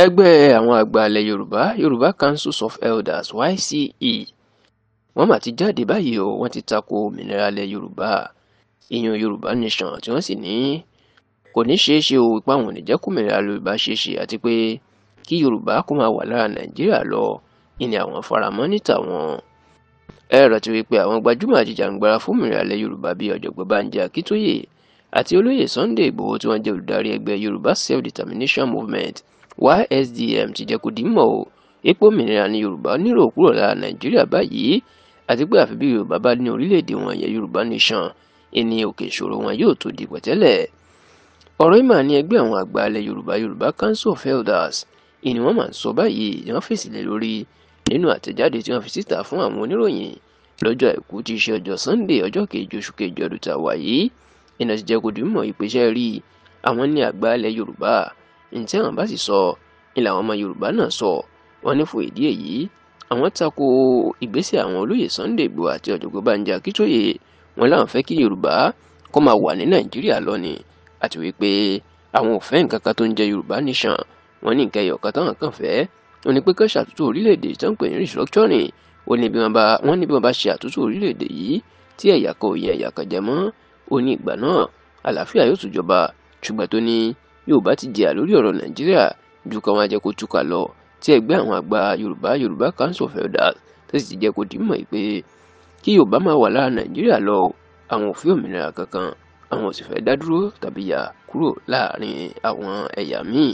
ẹgbẹ́ àwọn àgbà ilẹ̀ yorùbá yorùbá councils of elders yce wọ́n mà ti jáde báyìí o wọ́n ti tako òmìnira ilẹ̀ yorùbá ìyẹn yorùbá nation tí wọ́n sì ní kò ní ṣeé ṣe o ipa wọn ò ní jẹ́ kómìnira yorùbá ṣeé ṣe àti pé kí yorùbá kó máa wà lára nàìjíríà lọ ìní àwọn faramọ́ ní tàwọn ẹ rántí wípé àwọn gbajúmọ̀ àjìjàǹgbara fómìnira ilẹ̀ yorùbá bíi ọ̀jọ̀gbọ́n bánjí akíntóyè àti olóyè sunday ìgbòho tí wọ́n jẹ́ olùdarí ẹgbẹ́ yorùbá self determination movement ysdm ti jẹ́ kó di mọ̀ o ipò òmìnira ni yorùbá nírò kúrò lára nàìjíríà báyìí àti pé àfi bí yorùbá bá ní orílẹ̀-èdè wọn yẹn yorùbá nation ìní òkè ìṣòro wọn yóò tó di pẹ̀tẹ́lẹ̀ ọ̀rọ̀ ìmọ̀ ní ẹgbẹ́ àwọn àgbà alẹ́ yorùbá yorùbá council of elders ìní wọ́n máa ń sọ báyìí ni wọ́n fèsì lé lórí nínú àtẹ̀jáde tí wọ́n fi síta fún àwọn oníròyìn lọ́jọ́ àìkú tí ṣe ọjọ́ sunday ọjọ́ kejì oṣù kejì ọdún tá a wà yìí ìnà ti jẹ́ kó di mọ̀ ìpèsè rí àwọn ní àgbà alẹ́ yorùbá ǹjẹ́ àwọn bá sì sọ ni làwọn ọmọ Yorùbá náà sọ wọn ní fún ìdí èyí àwọn tako ìgbésẹ̀ àwọn olóyè Sunday Igboho àti ọ̀jọ̀gbọ́n Banji Akíntóyè wọn láwọn fẹ́ kí Yorùbá kó máa wà ní Nàìjíríà lọ́ni àti wípé àwọn ò fẹ́ nǹkan kan tó ń jẹ Yorùbá nation wọn ní nǹkan ẹyọ̀kan táwọn kan fẹ́ wọn ní pé kán ṣàtúntò orílẹ̀-èdè tó ń wọn ní bí wọn bá ṣe yorùbá ti jìyà lórí ọ̀rọ̀ nàìjíríà ju ká máa jẹ́ kó túkà lọ tí ẹgbẹ́ àwọn àgbà yorùbá yorùbá council of elders tó sì ti jẹ́ kó dìímọ̀ pé kí yorùbá máa wà lára nàìjíríà lọ àwọn ò fi òmìnira kankan àwọn ò fẹ́ dá tàbí yà kúrò láàrin àwọn ẹ̀yà míì.